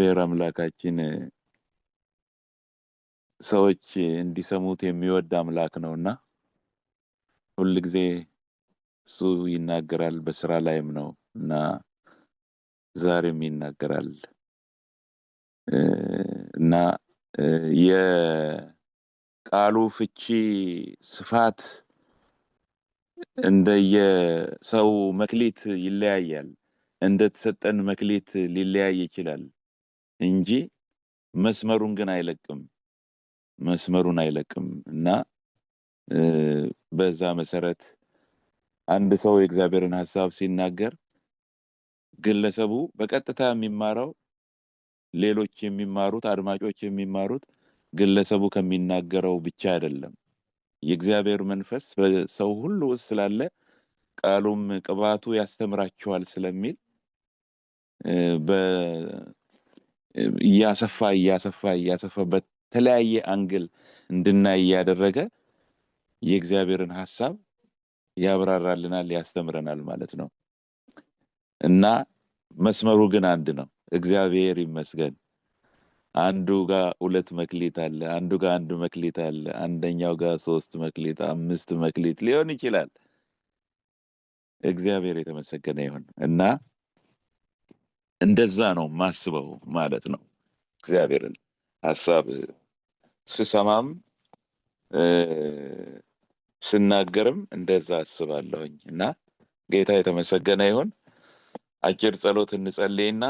እግዚአብሔር አምላካችን ሰዎች እንዲሰሙት የሚወድ አምላክ ነው እና ሁልጊዜ እሱ ይናገራል። በስራ ላይም ነው እና ዛሬም ይናገራል እና የቃሉ ፍቺ ስፋት እንደየሰው መክሊት ይለያያል። እንደተሰጠን መክሊት ሊለያይ ይችላል። እንጂ መስመሩን ግን አይለቅም መስመሩን አይለቅም እና በዛ መሰረት አንድ ሰው የእግዚአብሔርን ሀሳብ ሲናገር ግለሰቡ በቀጥታ የሚማረው ሌሎች የሚማሩት አድማጮች የሚማሩት ግለሰቡ ከሚናገረው ብቻ አይደለም። የእግዚአብሔር መንፈስ በሰው ሁሉ ውስጥ ስላለ ቃሉም ቅባቱ ያስተምራቸዋል ስለሚል እያሰፋ እያሰፋ እያሰፋ በተለያየ አንግል እንድናይ እያደረገ የእግዚአብሔርን ሀሳብ ያብራራልናል፣ ያስተምረናል ማለት ነው እና መስመሩ ግን አንድ ነው። እግዚአብሔር ይመስገን። አንዱ ጋር ሁለት መክሊት አለ፣ አንዱ ጋር አንድ መክሊት አለ፣ አንደኛው ጋር ሶስት መክሊት፣ አምስት መክሊት ሊሆን ይችላል። እግዚአብሔር የተመሰገነ ይሁን እና እንደዛ ነው ማስበው ማለት ነው። እግዚአብሔርን ሀሳብ ስሰማም ስናገርም እንደዛ አስባለሁኝ እና ጌታ የተመሰገነ ይሁን። አጭር ጸሎት እንጸልይና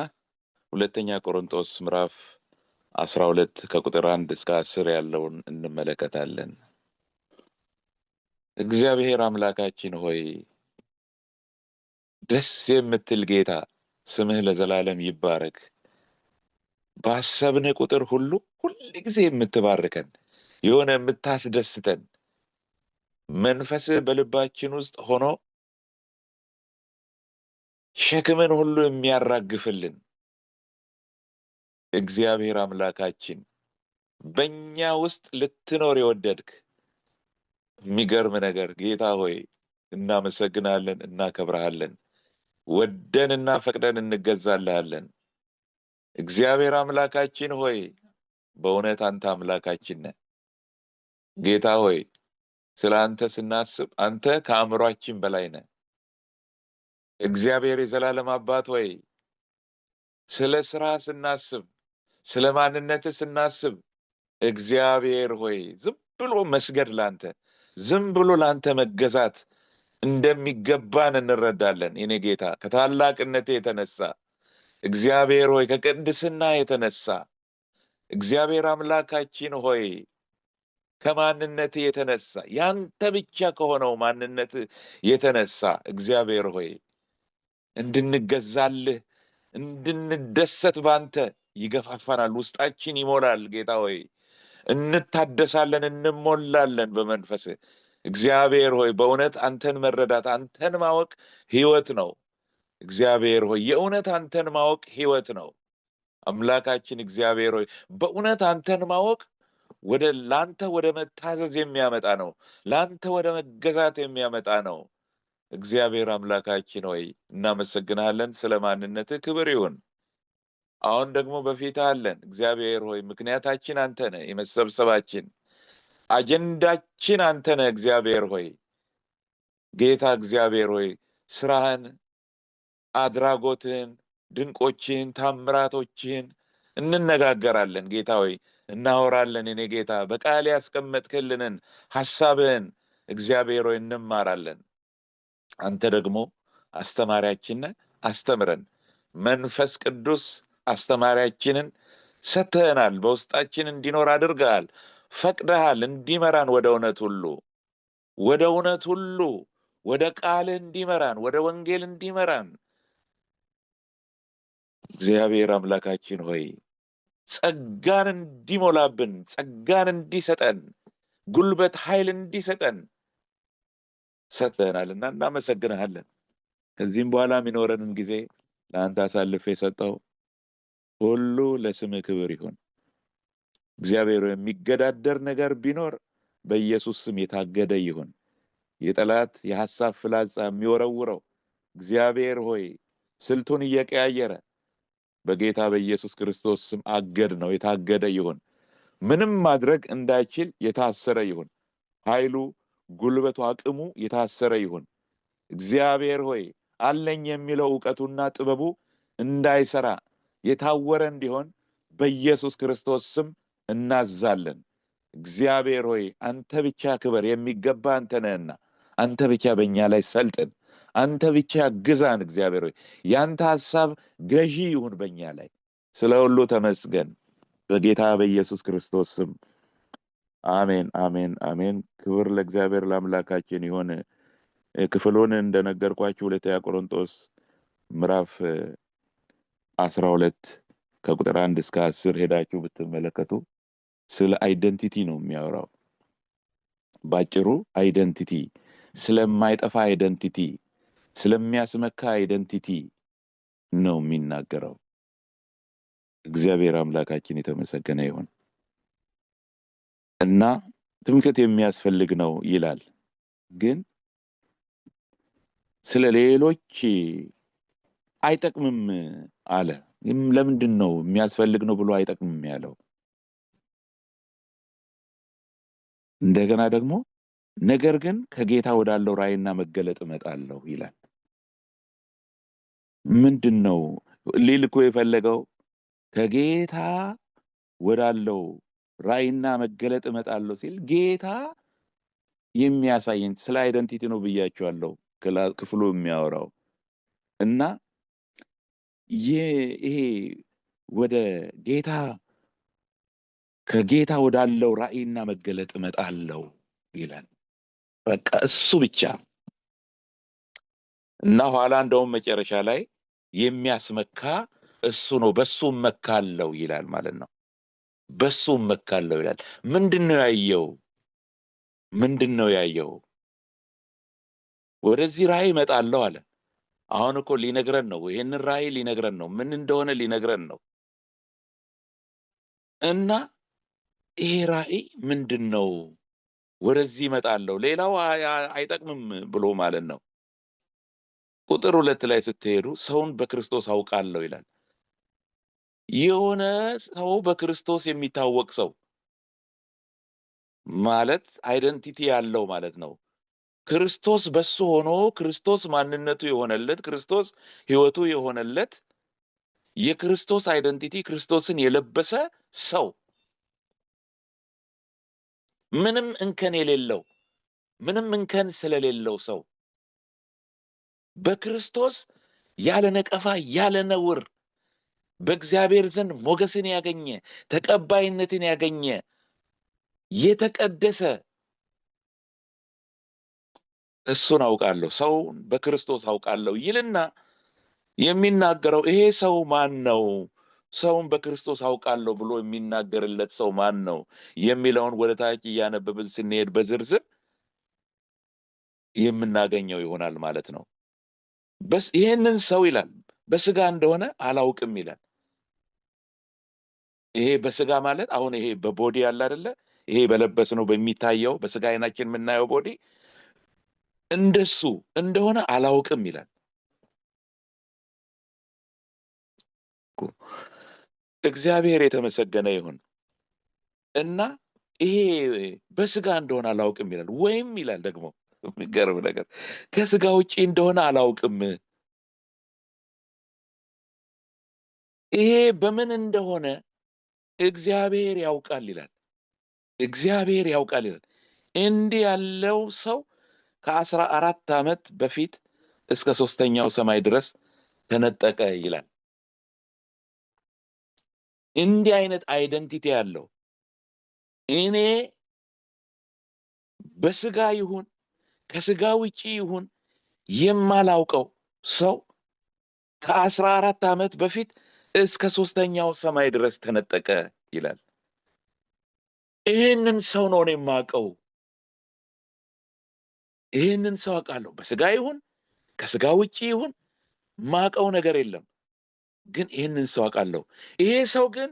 ሁለተኛ ቆሮንጦስ ምዕራፍ አስራ ሁለት ከቁጥር አንድ እስከ አስር ያለውን እንመለከታለን። እግዚአብሔር አምላካችን ሆይ ደስ የምትል ጌታ ስምህ ለዘላለም ይባረክ። ባሰብን ቁጥር ሁሉ ጊዜ የምትባርከን የሆነ የምታስደስተን መንፈስህ በልባችን ውስጥ ሆኖ ሸክምን ሁሉ የሚያራግፍልን እግዚአብሔር አምላካችን በእኛ ውስጥ ልትኖር የወደድክ የሚገርም ነገር ጌታ ሆይ እናመሰግናለን፣ እናከብረሃለን። ወደንና ፈቅደን እንገዛልሃለን። እግዚአብሔር አምላካችን ሆይ በእውነት አንተ አምላካችን ነ ጌታ ሆይ ስለ አንተ ስናስብ አንተ ከአእምሯችን በላይ ነ። እግዚአብሔር የዘላለም አባት ሆይ ስለ ስራ ስናስብ፣ ስለ ማንነት ስናስብ እግዚአብሔር ሆይ ዝም ብሎ መስገድ ላንተ፣ ዝም ብሎ ላንተ መገዛት እንደሚገባን እንረዳለን። የኔ ጌታ ከታላቅነቴ የተነሳ እግዚአብሔር ሆይ ከቅድስና የተነሳ እግዚአብሔር አምላካችን ሆይ ከማንነት የተነሳ ያንተ ብቻ ከሆነው ማንነት የተነሳ እግዚአብሔር ሆይ እንድንገዛልህ እንድንደሰት ባንተ ይገፋፋናል፣ ውስጣችን ይሞላል። ጌታ ሆይ እንታደሳለን፣ እንሞላለን በመንፈስህ እግዚአብሔር ሆይ በእውነት አንተን መረዳት አንተን ማወቅ ህይወት ነው። እግዚአብሔር ሆይ የእውነት አንተን ማወቅ ህይወት ነው። አምላካችን እግዚአብሔር ሆይ በእውነት አንተን ማወቅ ወደ ለአንተ ወደ መታዘዝ የሚያመጣ ነው። ለአንተ ወደ መገዛት የሚያመጣ ነው። እግዚአብሔር አምላካችን ሆይ እናመሰግናለን። ስለ ማንነት ክብር ይሁን። አሁን ደግሞ በፊት አለን እግዚአብሔር ሆይ ምክንያታችን አንተ ነህ። የመሰብሰባችን አጀንዳችን አንተ ነህ እግዚአብሔር ሆይ ጌታ እግዚአብሔር ሆይ ስራህን አድራጎትን ድንቆችን ታምራቶችን እንነጋገራለን ጌታ ሆይ እናወራለን እኔ ጌታ በቃል ያስቀመጥክልንን ሀሳብህን እግዚአብሔር ሆይ እንማራለን አንተ ደግሞ አስተማሪያችን አስተምረን መንፈስ ቅዱስ አስተማሪያችንን ሰተህናል በውስጣችን እንዲኖር አድርገሃል ፈቅደሃል እንዲመራን ወደ እውነት ሁሉ ወደ እውነት ሁሉ ወደ ቃል እንዲመራን ወደ ወንጌል እንዲመራን። እግዚአብሔር አምላካችን ሆይ ጸጋን እንዲሞላብን ጸጋን እንዲሰጠን ጉልበት ኃይል እንዲሰጠን ሰጥተናል እና እናመሰግንሃለን። ከዚህም በኋላ የሚኖረንን ጊዜ ለአንተ አሳልፍ የሰጠው ሁሉ ለስም ክብር ይሁን። እግዚአብሔር የሚገዳደር ነገር ቢኖር በኢየሱስ ስም የታገደ ይሁን። የጠላት የሐሳብ ፍላጻ የሚወረውረው እግዚአብሔር ሆይ ስልቱን እየቀያየረ በጌታ በኢየሱስ ክርስቶስ ስም አገድ ነው፣ የታገደ ይሁን። ምንም ማድረግ እንዳይችል የታሰረ ይሁን። ኃይሉ፣ ጉልበቱ፣ አቅሙ የታሰረ ይሁን። እግዚአብሔር ሆይ አለኝ የሚለው እውቀቱና ጥበቡ እንዳይሰራ የታወረ እንዲሆን በኢየሱስ ክርስቶስ ስም እናዛለን። እግዚአብሔር ሆይ አንተ ብቻ ክበር፣ የሚገባ አንተ ነህና፣ አንተ ብቻ በእኛ ላይ ሰልጥን፣ አንተ ብቻ ግዛን። እግዚአብሔር ሆይ ያንተ ሀሳብ ገዢ ይሁን በእኛ ላይ። ስለ ሁሉ ተመስገን፣ በጌታ በኢየሱስ ክርስቶስ ስም አሜን፣ አሜን፣ አሜን። ክብር ለእግዚአብሔር ለአምላካችን ይሁን። ክፍሉን እንደነገርኳችሁ ሁለተኛ ቆሮንቶስ ምዕራፍ አስራ ሁለት ከቁጥር አንድ እስከ አስር ሄዳችሁ ብትመለከቱ ስለ አይደንቲቲ ነው የሚያወራው ባጭሩ አይደንቲቲ ስለማይጠፋ አይደንቲቲ ስለሚያስመካ አይደንቲቲ ነው የሚናገረው እግዚአብሔር አምላካችን የተመሰገነ ይሆን እና ትምክት የሚያስፈልግ ነው ይላል ግን ስለ ሌሎች አይጠቅምም አለ ለምንድን ነው የሚያስፈልግ ነው ብሎ አይጠቅምም ያለው እንደገና ደግሞ ነገር ግን ከጌታ ወዳለው ራይና መገለጥ እመጣለሁ ይላል። ምንድን ነው ሊል እኮ የፈለገው? ከጌታ ወዳለው ራይና መገለጥ እመጣለሁ ሲል ጌታ የሚያሳይን ስለ አይደንቲቲ ነው ብያቸዋለሁ። ክፍሉ የሚያወራው እና ይሄ ወደ ጌታ ከጌታ ወዳለው ራእይና መገለጥ እመጣለው ይላል። በቃ እሱ ብቻ እና ኋላ እንደውም መጨረሻ ላይ የሚያስመካ እሱ ነው፣ በሱ መካለው ይላል ማለት ነው። በሱ መካለው ይላል። ምንድን ነው ያየው? ምንድን ነው ያየው? ወደዚህ ራእይ እመጣለሁ አለ። አሁን እኮ ሊነግረን ነው። ይህንን ራእይ ሊነግረን ነው። ምን እንደሆነ ሊነግረን ነው እና ይሄ ራእይ ምንድን ነው? ወደዚህ ይመጣለሁ፣ ሌላው አይጠቅምም ብሎ ማለት ነው። ቁጥር ሁለት ላይ ስትሄዱ ሰውን በክርስቶስ አውቃለሁ ይላል። የሆነ ሰው በክርስቶስ የሚታወቅ ሰው ማለት አይደንቲቲ ያለው ማለት ነው። ክርስቶስ በሱ ሆኖ ክርስቶስ ማንነቱ የሆነለት ክርስቶስ ህይወቱ የሆነለት የክርስቶስ አይደንቲቲ ክርስቶስን የለበሰ ሰው ምንም እንከን የሌለው ምንም እንከን ስለሌለው ሰው በክርስቶስ ያለ ነቀፋ ያለ ነውር በእግዚአብሔር ዘንድ ሞገስን ያገኘ ተቀባይነትን ያገኘ የተቀደሰ እሱን አውቃለሁ፣ ሰውን በክርስቶስ አውቃለሁ ይልና የሚናገረው ይሄ ሰው ማን ነው? ሰውን በክርስቶስ አውቃለሁ ብሎ የሚናገርለት ሰው ማን ነው የሚለውን ወደ ታች እያነበብን ስንሄድ በዝርዝር የምናገኘው ይሆናል ማለት ነው። ይህንን ሰው ይላል በስጋ እንደሆነ አላውቅም ይላል። ይሄ በስጋ ማለት አሁን ይሄ በቦዲ ያለ አይደለ? ይሄ በለበስ ነው በሚታየው በስጋ አይናችን የምናየው ቦዲ እንደሱ እንደሆነ አላውቅም ይላል። እግዚአብሔር የተመሰገነ ይሁን እና ይሄ በስጋ እንደሆነ አላውቅም ይላል። ወይም ይላል ደግሞ የሚገርም ነገር ከስጋ ውጪ እንደሆነ አላውቅም። ይሄ በምን እንደሆነ እግዚአብሔር ያውቃል ይላል። እግዚአብሔር ያውቃል ይላል። እንዲህ ያለው ሰው ከአስራ አራት ዓመት በፊት እስከ ሶስተኛው ሰማይ ድረስ ተነጠቀ ይላል። እንዲህ አይነት አይደንቲቲ ያለው እኔ በስጋ ይሁን ከስጋ ውጪ ይሁን የማላውቀው ሰው ከአስራ አራት ዓመት በፊት እስከ ሶስተኛው ሰማይ ድረስ ተነጠቀ ይላል። ይህንን ሰው ነው እኔ የማውቀው። ይህንን ሰው አውቃለሁ። በስጋ ይሁን ከስጋ ውጪ ይሁን ማውቀው ነገር የለም። ግን ይህንን ሰው አውቃለሁ፣ ይሄ ሰው ግን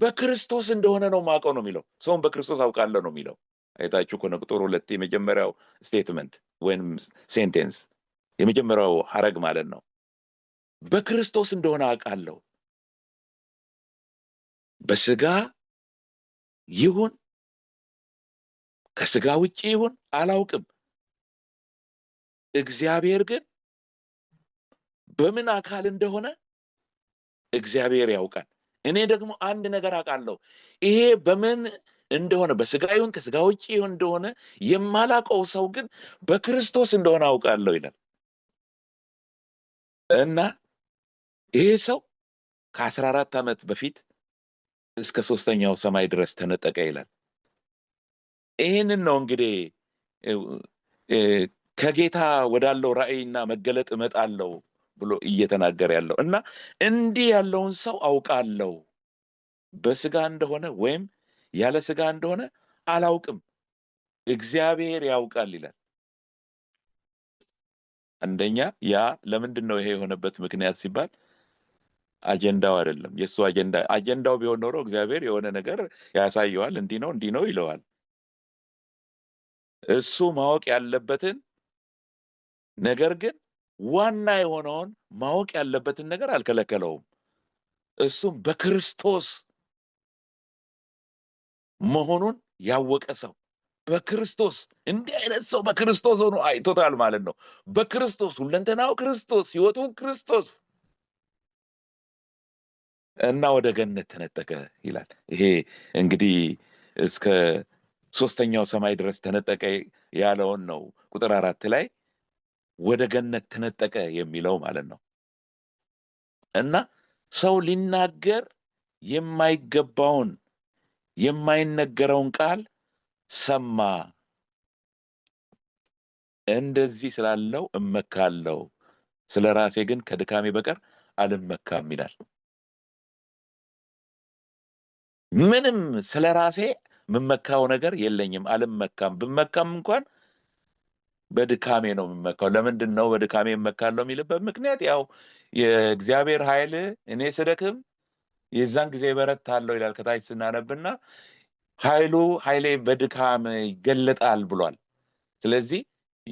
በክርስቶስ እንደሆነ ነው ማውቀው ነው የሚለው። ሰውን በክርስቶስ አውቃለሁ ነው የሚለው። አይታችሁ ከሆነ ቁጥር ሁለት የመጀመሪያው ስቴትመንት ወይም ሴንቴንስ የመጀመሪያው ሀረግ ማለት ነው። በክርስቶስ እንደሆነ አውቃለሁ በስጋ ይሁን ከስጋ ውጭ ይሁን አላውቅም። እግዚአብሔር ግን በምን አካል እንደሆነ እግዚአብሔር ያውቃል። እኔ ደግሞ አንድ ነገር አውቃለሁ። ይሄ በምን እንደሆነ በስጋ ይሁን ከስጋ ውጭ ይሁን እንደሆነ የማላውቀው ሰው ግን በክርስቶስ እንደሆነ አውቃለሁ ይላል እና ይሄ ሰው ከአስራ አራት ዓመት በፊት እስከ ሶስተኛው ሰማይ ድረስ ተነጠቀ ይላል። ይህንን ነው እንግዲህ ከጌታ ወዳለው ራእይና መገለጥ እመጣለው ብሎ እየተናገረ ያለው እና እንዲህ ያለውን ሰው አውቃለሁ በስጋ እንደሆነ ወይም ያለ ስጋ እንደሆነ አላውቅም፣ እግዚአብሔር ያውቃል ይላል። አንደኛ ያ ለምንድን ነው ይሄ የሆነበት ምክንያት ሲባል አጀንዳው አይደለም የእሱ አጀንዳ። አጀንዳው ቢሆን ኖሮ እግዚአብሔር የሆነ ነገር ያሳየዋል፣ እንዲ ነው እንዲህ ነው ይለዋል። እሱ ማወቅ ያለበትን ነገር ግን ዋና የሆነውን ማወቅ ያለበትን ነገር አልከለከለውም። እሱም በክርስቶስ መሆኑን ያወቀ ሰው በክርስቶስ እንዲህ አይነት ሰው በክርስቶስ ሆኖ አይቶታል ማለት ነው። በክርስቶስ ሁለንተናው ክርስቶስ፣ ህይወቱ ክርስቶስ እና ወደ ገነት ተነጠቀ ይላል። ይሄ እንግዲህ እስከ ሶስተኛው ሰማይ ድረስ ተነጠቀ ያለውን ነው ቁጥር አራት ላይ ወደ ገነት ተነጠቀ የሚለው ማለት ነው። እና ሰው ሊናገር የማይገባውን የማይነገረውን ቃል ሰማ። እንደዚህ ስላለው እመካለው፣ ስለ ራሴ ግን ከድካሜ በቀር አልመካም ይላል። ምንም ስለ ራሴ የምመካው ነገር የለኝም፣ አልመካም። ብመካም እንኳን በድካሜ ነው የምመካው። ለምንድን ነው በድካሜ እመካለሁ የሚልበት ምክንያት ያው የእግዚአብሔር ኃይል እኔ ስደክም የዛን ጊዜ በረታለሁ ይላል ከታች ስናነብና ኃይሉ ኃይሌ በድካም ይገለጣል ብሏል። ስለዚህ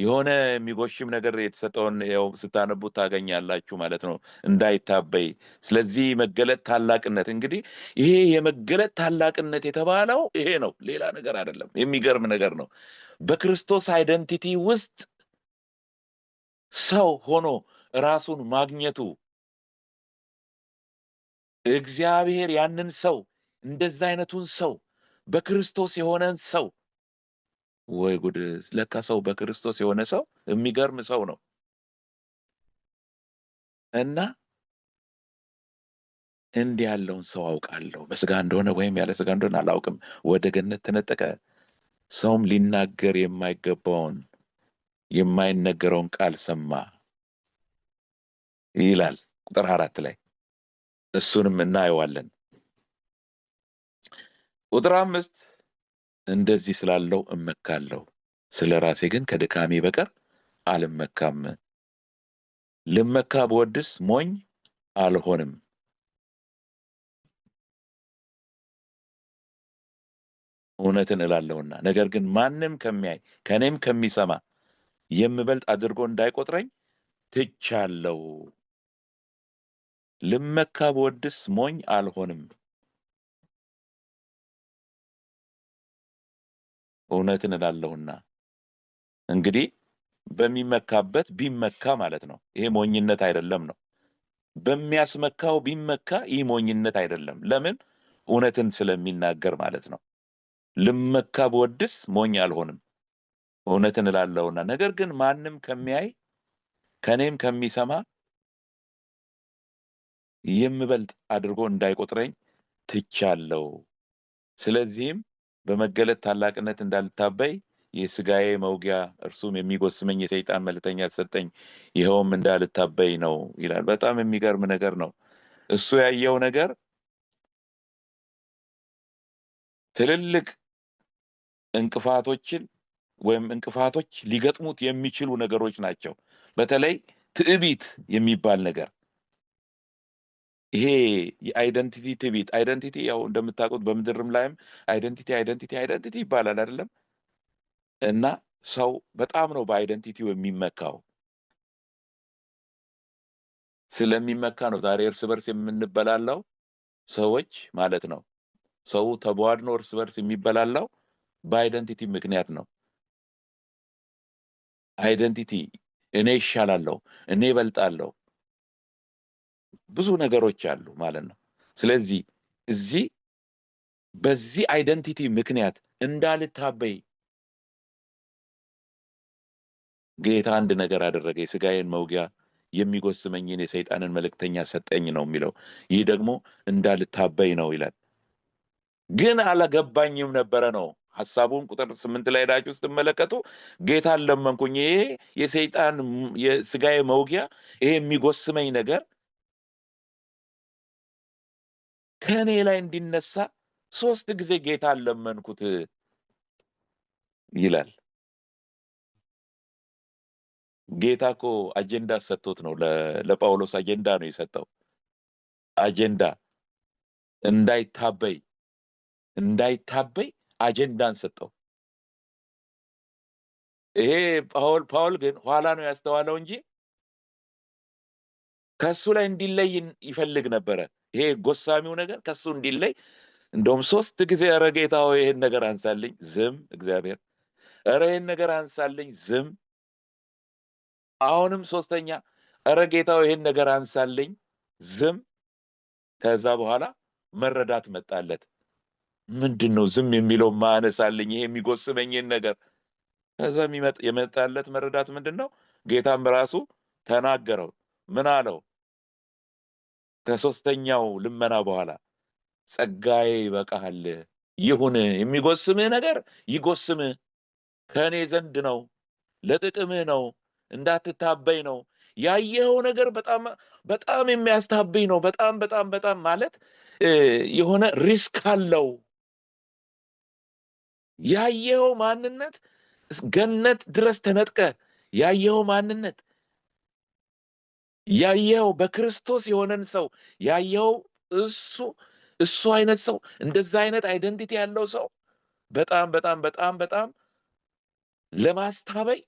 የሆነ የሚጎሽም ነገር የተሰጠውን ው ስታነቡት ታገኛላችሁ ማለት ነው እንዳይታበይ። ስለዚህ መገለጥ ታላቅነት እንግዲህ ይሄ የመገለጥ ታላቅነት የተባለው ይሄ ነው፣ ሌላ ነገር አይደለም። የሚገርም ነገር ነው። በክርስቶስ አይደንቲቲ ውስጥ ሰው ሆኖ ራሱን ማግኘቱ እግዚአብሔር ያንን ሰው እንደዛ አይነቱን ሰው በክርስቶስ የሆነን ሰው ወይ ጉድ! ለካ ሰው በክርስቶስ የሆነ ሰው የሚገርም ሰው ነው እና እንዲህ ያለውን ሰው አውቃለሁ። በስጋ እንደሆነ ወይም ያለ ስጋ እንደሆነ አላውቅም። ወደ ገነት ተነጠቀ። ሰውም ሊናገር የማይገባውን የማይነገረውን ቃል ሰማ ይላል ቁጥር አራት ላይ እሱንም እናየዋለን። ቁጥር አምስት እንደዚህ ስላለው እመካለሁ፣ ስለ ራሴ ግን ከድካሜ በቀር አልመካም። ልመካ በወድስ ሞኝ አልሆንም። እውነትን እላለሁና ነገር ግን ማንም ከሚያይ ከእኔም ከሚሰማ የምበልጥ አድርጎ እንዳይቆጥረኝ ትቻለው። ልመካ በወድስ ሞኝ አልሆንም። እውነትን እላለሁና እንግዲህ በሚመካበት ቢመካ ማለት ነው። ይሄ ሞኝነት አይደለም ነው። በሚያስመካው ቢመካ ይህ ሞኝነት አይደለም። ለምን? እውነትን ስለሚናገር ማለት ነው። ልመካ ብወድስ ሞኝ አልሆንም እውነትን እላለሁና። ነገር ግን ማንም ከሚያይ ከእኔም ከሚሰማ የምበልጥ አድርጎ እንዳይቆጥረኝ ትቻለሁ። ስለዚህም በመገለጥ ታላቅነት እንዳልታበይ የስጋዬ መውጊያ እርሱም የሚጎስመኝ የሰይጣን መልተኛ ተሰጠኝ፣ ይኸውም እንዳልታበይ ነው ይላል። በጣም የሚገርም ነገር ነው። እሱ ያየው ነገር ትልልቅ እንቅፋቶችን ወይም እንቅፋቶች ሊገጥሙት የሚችሉ ነገሮች ናቸው። በተለይ ትዕቢት የሚባል ነገር ይሄ የአይደንቲቲ ትቢት አይደንቲቲ ያው እንደምታውቁት በምድርም ላይም አይደንቲቲ አይደንቲቲ አይደንቲቲ ይባላል አይደለም እና ሰው በጣም ነው በአይደንቲቲው የሚመካው ስለሚመካ ነው ዛሬ እርስ በርስ የምንበላላው ሰዎች ማለት ነው ሰው ተቧድኖ እርስ በርስ የሚበላላው በአይደንቲቲ ምክንያት ነው አይደንቲቲ እኔ ይሻላለሁ እኔ ይበልጣለሁ ብዙ ነገሮች አሉ ማለት ነው። ስለዚህ እዚህ በዚህ አይደንቲቲ ምክንያት እንዳልታበይ ጌታ አንድ ነገር አደረገ። የስጋዬን መውጊያ የሚጎስመኝን የሰይጣንን መልእክተኛ ሰጠኝ ነው የሚለው። ይህ ደግሞ እንዳልታበይ ነው ይላል። ግን አለገባኝም ነበረ ነው ሀሳቡን ቁጥር ስምንት ላይ ውስጥ ስትመለከቱ ጌታን ለመንኩኝ። ይሄ የሰይጣን የስጋዬ መውጊያ ይሄ የሚጎስመኝ ነገር ከእኔ ላይ እንዲነሳ ሶስት ጊዜ ጌታ ለመንኩት ይላል። ጌታ እኮ አጀንዳ ሰጥቶት ነው። ለጳውሎስ አጀንዳ ነው የሰጠው። አጀንዳ እንዳይታበይ እንዳይታበይ አጀንዳን ሰጠው። ይሄ ፓውል ፓውል ግን ኋላ ነው ያስተዋለው እንጂ ከሱ ላይ እንዲለይ ይፈልግ ነበረ። ይሄ ጎሳሚው ነገር ከሱ እንዲለይ እንደውም ሶስት ጊዜ ኧረ ጌታ ሆይ ይህን ነገር አንሳልኝ፣ ዝም እግዚአብሔር፣ ኧረ ይህን ነገር አንሳልኝ፣ ዝም። አሁንም ሶስተኛ ኧረ ጌታ ይህን ነገር አንሳልኝ፣ ዝም። ከዛ በኋላ መረዳት መጣለት። ምንድን ነው ዝም የሚለው ማነሳልኝ፣ ይሄ የሚጎስመኝን ነገር። ከዛ የመጣለት መረዳት ምንድን ነው? ጌታም ራሱ ተናገረው። ምን አለው? ከሶስተኛው ልመና በኋላ ጸጋዬ ይበቃሃል፣ ይሁን የሚጎስምህ ነገር ይጎስምህ፣ ከእኔ ዘንድ ነው፣ ለጥቅምህ ነው፣ እንዳትታበይ ነው። ያየኸው ነገር በጣም በጣም የሚያስታብኝ ነው። በጣም በጣም በጣም ማለት የሆነ ሪስክ አለው። ያየኸው ማንነት ገነት ድረስ ተነጥቀ ያየኸው ማንነት ያየኸው በክርስቶስ የሆነን ሰው ያየኸው እሱ እሱ አይነት ሰው እንደዛ አይነት አይደንቲቲ ያለው ሰው በጣም በጣም በጣም በጣም ለማስታበይ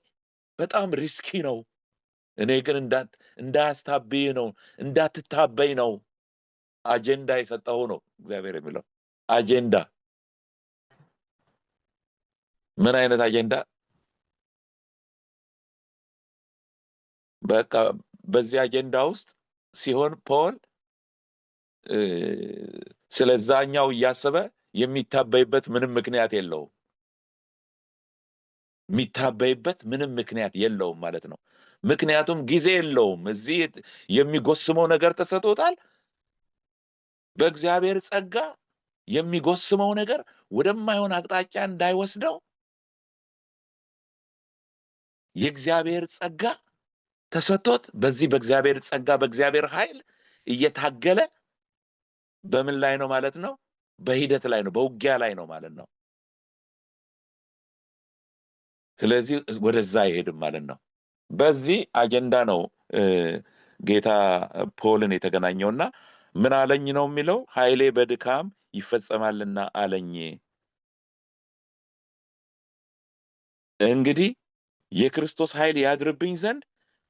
በጣም ሪስኪ ነው። እኔ ግን እንዳያስታብይ ነው እንዳትታበይ ነው አጀንዳ የሰጠው ነው እግዚአብሔር የሚለው አጀንዳ። ምን አይነት አጀንዳ? በቃ በዚህ አጀንዳ ውስጥ ሲሆን ፖል ስለዛኛው እያሰበ የሚታበይበት ምንም ምክንያት የለውም። የሚታበይበት ምንም ምክንያት የለውም ማለት ነው። ምክንያቱም ጊዜ የለውም። እዚህ የሚጎስመው ነገር ተሰጥቶታል። በእግዚአብሔር ጸጋ የሚጎስመው ነገር ወደማይሆን አቅጣጫ እንዳይወስደው የእግዚአብሔር ጸጋ ተሰጥቶት በዚህ በእግዚአብሔር ጸጋ በእግዚአብሔር ኃይል እየታገለ በምን ላይ ነው ማለት ነው? በሂደት ላይ ነው፣ በውጊያ ላይ ነው ማለት ነው። ስለዚህ ወደዛ አይሄድም ማለት ነው። በዚህ አጀንዳ ነው ጌታ ፖልን የተገናኘውና ምን አለኝ ነው የሚለው ኃይሌ በድካም ይፈጸማልና አለኝ። እንግዲህ የክርስቶስ ኃይል ያድርብኝ ዘንድ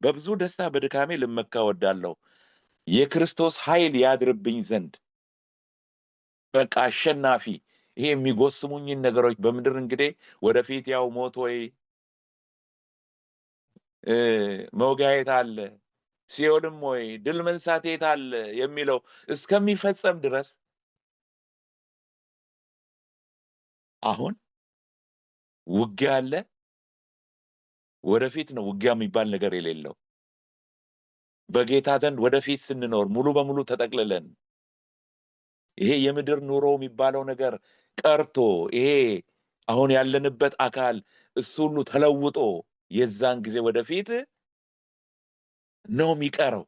በብዙ ደስታ በድካሜ ልመካ ወዳለሁ የክርስቶስ ኃይል ያድርብኝ ዘንድ በቃ አሸናፊ ይሄ የሚጎስሙኝን ነገሮች በምድር እንግዲህ ወደፊት ያው ሞት ወይ መውጋየት አለ ሲኦልም ወይ ድል መንሳቴት አለ የሚለው እስከሚፈጸም ድረስ አሁን ውጊያ አለ፣ ወደፊት ነው ውጊያ የሚባል ነገር የሌለው። በጌታ ዘንድ ወደፊት ስንኖር ሙሉ በሙሉ ተጠቅልለን ይሄ የምድር ኑሮ የሚባለው ነገር ቀርቶ ይሄ አሁን ያለንበት አካል እሱ ሁሉ ተለውጦ የዛን ጊዜ ወደፊት ነው የሚቀረው።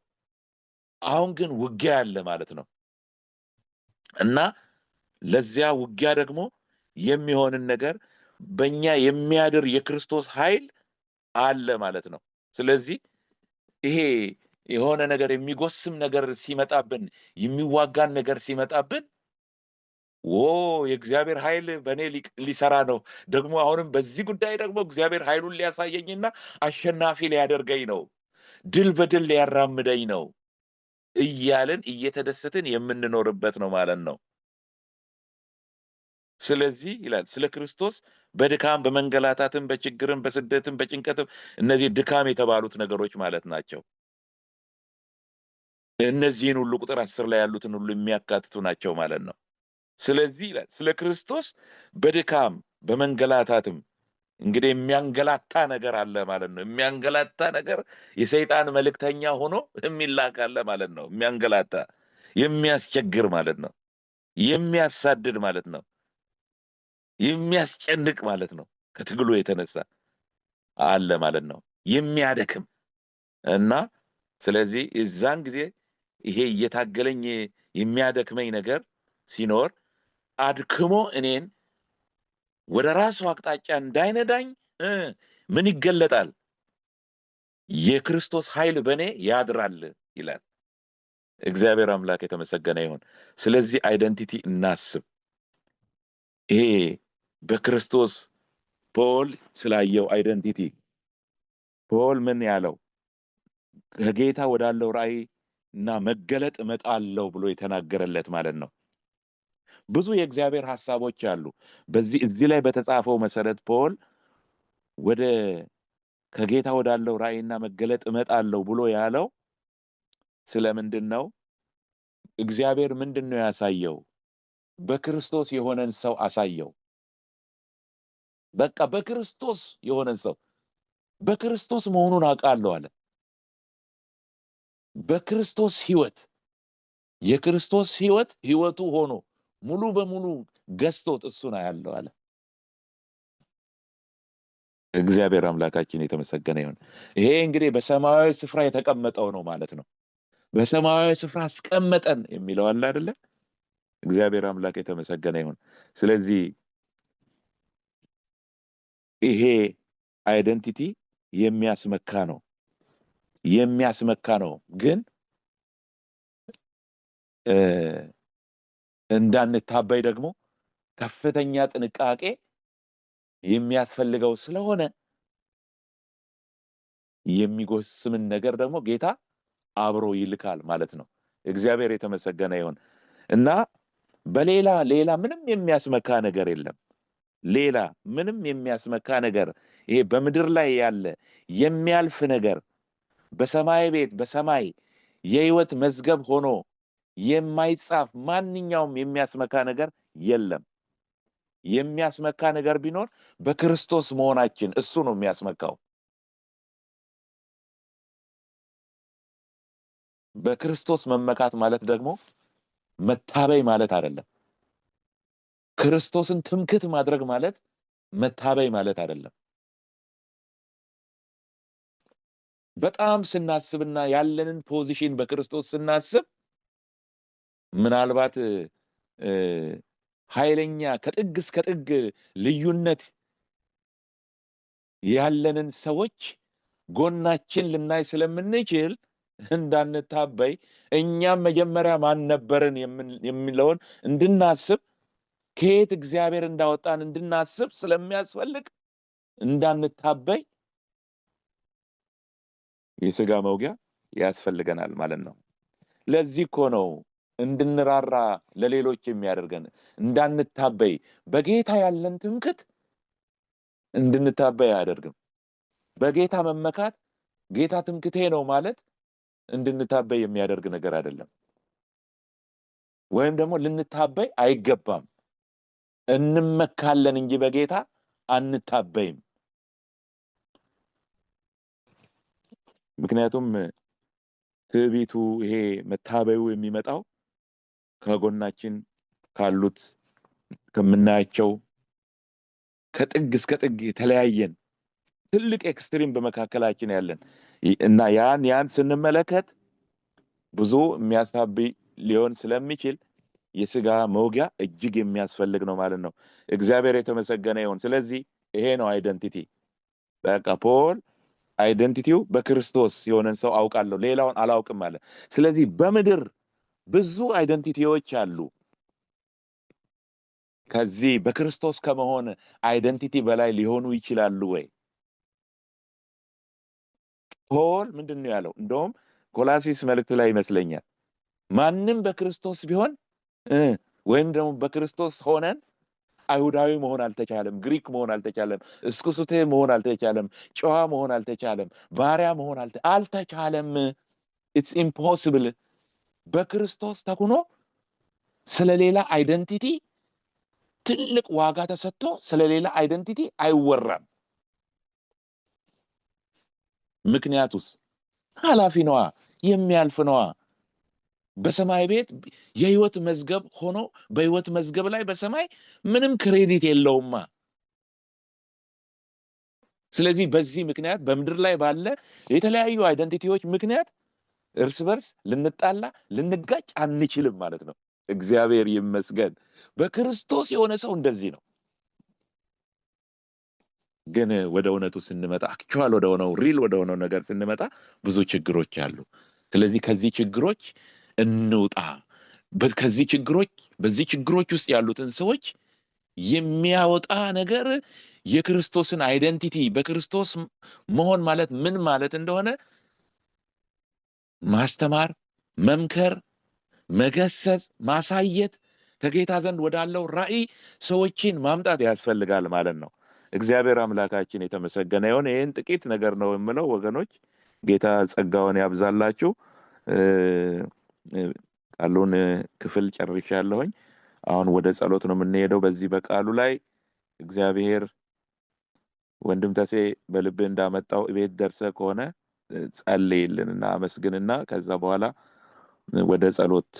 አሁን ግን ውጊያ ያለ ማለት ነው እና ለዚያ ውጊያ ደግሞ የሚሆንን ነገር በእኛ የሚያድር የክርስቶስ ኃይል አለ ማለት ነው። ስለዚህ ይሄ የሆነ ነገር የሚጎስም ነገር ሲመጣብን፣ የሚዋጋን ነገር ሲመጣብን ዎ የእግዚአብሔር ኃይል በእኔ ሊሰራ ነው፣ ደግሞ አሁንም በዚህ ጉዳይ ደግሞ እግዚአብሔር ኃይሉን ሊያሳየኝና አሸናፊ ሊያደርገኝ ነው፣ ድል በድል ሊያራምደኝ ነው እያልን እየተደሰትን የምንኖርበት ነው ማለት ነው። ስለዚህ ይላል ስለ ክርስቶስ በድካም በመንገላታትም በችግርም በስደትም በጭንቀትም እነዚህ ድካም የተባሉት ነገሮች ማለት ናቸው። እነዚህን ሁሉ ቁጥር አስር ላይ ያሉትን ሁሉ የሚያካትቱ ናቸው ማለት ነው። ስለዚህ ይላል ስለ ክርስቶስ በድካም በመንገላታትም እንግዲህ የሚያንገላታ ነገር አለ ማለት ነው። የሚያንገላታ ነገር የሰይጣን መልእክተኛ ሆኖ የሚላካለ ማለት ነው። የሚያንገላታ የሚያስቸግር ማለት ነው። የሚያሳድድ ማለት ነው። የሚያስጨንቅ ማለት ነው። ከትግሉ የተነሳ አለ ማለት ነው የሚያደክም እና ስለዚህ እዛን ጊዜ ይሄ እየታገለኝ የሚያደክመኝ ነገር ሲኖር አድክሞ እኔን ወደ ራሱ አቅጣጫ እንዳይነዳኝ ምን ይገለጣል? የክርስቶስ ኃይል በእኔ ያድራል ይላል። እግዚአብሔር አምላክ የተመሰገነ ይሁን። ስለዚህ አይደንቲቲ እናስብ። ይሄ በክርስቶስ ፖል ስላየው አይደንቲቲ ፖል ምን ያለው ከጌታ ወዳለው ራእይ እና መገለጥ እመጣለው ብሎ የተናገረለት ማለት ነው። ብዙ የእግዚአብሔር ሀሳቦች አሉ። በዚህ እዚህ ላይ በተጻፈው መሰረት ፖል ወደ ከጌታ ወዳለው ራእይና መገለጥ እመጣለው ብሎ ያለው ስለምንድን ነው? እግዚአብሔር ምንድን ነው ያሳየው? በክርስቶስ የሆነን ሰው አሳየው። በቃ በክርስቶስ የሆነን ሰው በክርስቶስ መሆኑን አውቃለሁ አለ። በክርስቶስ ህይወት የክርስቶስ ህይወት ህይወቱ ሆኖ ሙሉ በሙሉ ገዝቶት እሱን አያለው አለ። እግዚአብሔር አምላካችን የተመሰገነ ይሆን ይሄ እንግዲህ በሰማያዊ ስፍራ የተቀመጠው ነው ማለት ነው። በሰማያዊ ስፍራ አስቀመጠን የሚለው አለ አደለ እግዚአብሔር አምላክ የተመሰገነ ይሁን። ስለዚህ ይሄ አይደንቲቲ የሚያስመካ ነው የሚያስመካ ነው። ግን እንዳንታባይ ደግሞ ከፍተኛ ጥንቃቄ የሚያስፈልገው ስለሆነ የሚጎስምን ነገር ደግሞ ጌታ አብሮ ይልካል ማለት ነው። እግዚአብሔር የተመሰገነ ይሆን እና በሌላ ሌላ ምንም የሚያስመካ ነገር የለም። ሌላ ምንም የሚያስመካ ነገር ይሄ በምድር ላይ ያለ የሚያልፍ ነገር በሰማይ ቤት በሰማይ የህይወት መዝገብ ሆኖ የማይጻፍ ማንኛውም የሚያስመካ ነገር የለም። የሚያስመካ ነገር ቢኖር በክርስቶስ መሆናችን እሱ ነው የሚያስመካው። በክርስቶስ መመካት ማለት ደግሞ መታበይ ማለት አይደለም። ክርስቶስን ትምክት ማድረግ ማለት መታበይ ማለት አይደለም። በጣም ስናስብና ያለንን ፖዚሽን በክርስቶስ ስናስብ ምናልባት ኃይለኛ ከጥግ እስከ ጥግ ልዩነት ያለንን ሰዎች ጎናችን ልናይ ስለምንችል እንዳንታበይ እኛም መጀመሪያ ማን ነበርን የሚለውን እንድናስብ ከየት እግዚአብሔር እንዳወጣን እንድናስብ ስለሚያስፈልግ እንዳንታበይ የስጋ መውጊያ ያስፈልገናል ማለት ነው። ለዚህ እኮ ነው እንድንራራ ለሌሎች የሚያደርገን እንዳንታበይ። በጌታ ያለን ትምክት እንድንታበይ አያደርግም። በጌታ መመካት ጌታ ትምክቴ ነው ማለት እንድንታበይ የሚያደርግ ነገር አይደለም፣ ወይም ደግሞ ልንታበይ አይገባም። እንመካለን እንጂ በጌታ አንታበይም። ምክንያቱም ትዕቢቱ ይሄ መታበዩ የሚመጣው ከጎናችን ካሉት ከምናያቸው ከጥግ እስከ ጥግ የተለያየን ትልቅ ኤክስትሪም በመካከላችን ያለን እና ያን ያን ስንመለከት ብዙ የሚያሳብ ሊሆን ስለሚችል የስጋ መውጊያ እጅግ የሚያስፈልግ ነው ማለት ነው። እግዚአብሔር የተመሰገነ ይሁን። ስለዚህ ይሄ ነው አይደንቲቲ። በቃ ፖል አይደንቲቲው በክርስቶስ የሆነን ሰው አውቃለሁ ሌላውን አላውቅም አለ። ስለዚህ በምድር ብዙ አይደንቲቲዎች አሉ። ከዚህ በክርስቶስ ከመሆን አይደንቲቲ በላይ ሊሆኑ ይችላሉ ወይ? ፖል ምንድን ነው ያለው? እንደውም ኮላሲስ መልእክት ላይ ይመስለኛል ማንም በክርስቶስ ቢሆን ወይም ደግሞ በክርስቶስ ሆነን አይሁዳዊ መሆን አልተቻለም፣ ግሪክ መሆን አልተቻለም፣ እስክሱቴ መሆን አልተቻለም፣ ጨዋ መሆን አልተቻለም፣ ባሪያ መሆን አልተቻለም። ኢትስ ኢምፖስብል። በክርስቶስ ተኩኖ ስለሌላ አይደንቲቲ ትልቅ ዋጋ ተሰጥቶ ስለሌላ አይደንቲቲ አይወራም። ምክንያቱስ ኃላፊ ነዋ፣ የሚያልፍ ነዋ። በሰማይ ቤት የህይወት መዝገብ ሆኖ በህይወት መዝገብ ላይ በሰማይ ምንም ክሬዲት የለውማ። ስለዚህ በዚህ ምክንያት በምድር ላይ ባለ የተለያዩ አይደንቲቲዎች ምክንያት እርስ በርስ ልንጣላ ልንጋጭ አንችልም ማለት ነው። እግዚአብሔር ይመስገን። በክርስቶስ የሆነ ሰው እንደዚህ ነው። ግን ወደ እውነቱ ስንመጣ አክቹዋል ወደሆነው ሪል ወደሆነው ነገር ስንመጣ ብዙ ችግሮች አሉ። ስለዚህ ከዚህ ችግሮች እንውጣ። ከዚህ ችግሮች በዚህ ችግሮች ውስጥ ያሉትን ሰዎች የሚያወጣ ነገር የክርስቶስን አይደንቲቲ በክርስቶስ መሆን ማለት ምን ማለት እንደሆነ ማስተማር፣ መምከር፣ መገሰጽ፣ ማሳየት ከጌታ ዘንድ ወዳለው ራዕይ ሰዎችን ማምጣት ያስፈልጋል ማለት ነው። እግዚአብሔር አምላካችን የተመሰገነ የሆነ ይህን ጥቂት ነገር ነው የምለው ወገኖች። ጌታ ጸጋውን ያብዛላችሁ። ቃሉን ክፍል ያለሁኝ አሁን ወደ ጸሎት ነው የምንሄደው። በዚህ በቃሉ ላይ እግዚአብሔር ወንድም ተሴ በልብ እንዳመጣው ቤት ደርሰ ከሆነ ጸልይልን እና አመስግንና ከዛ በኋላ ወደ ጸሎት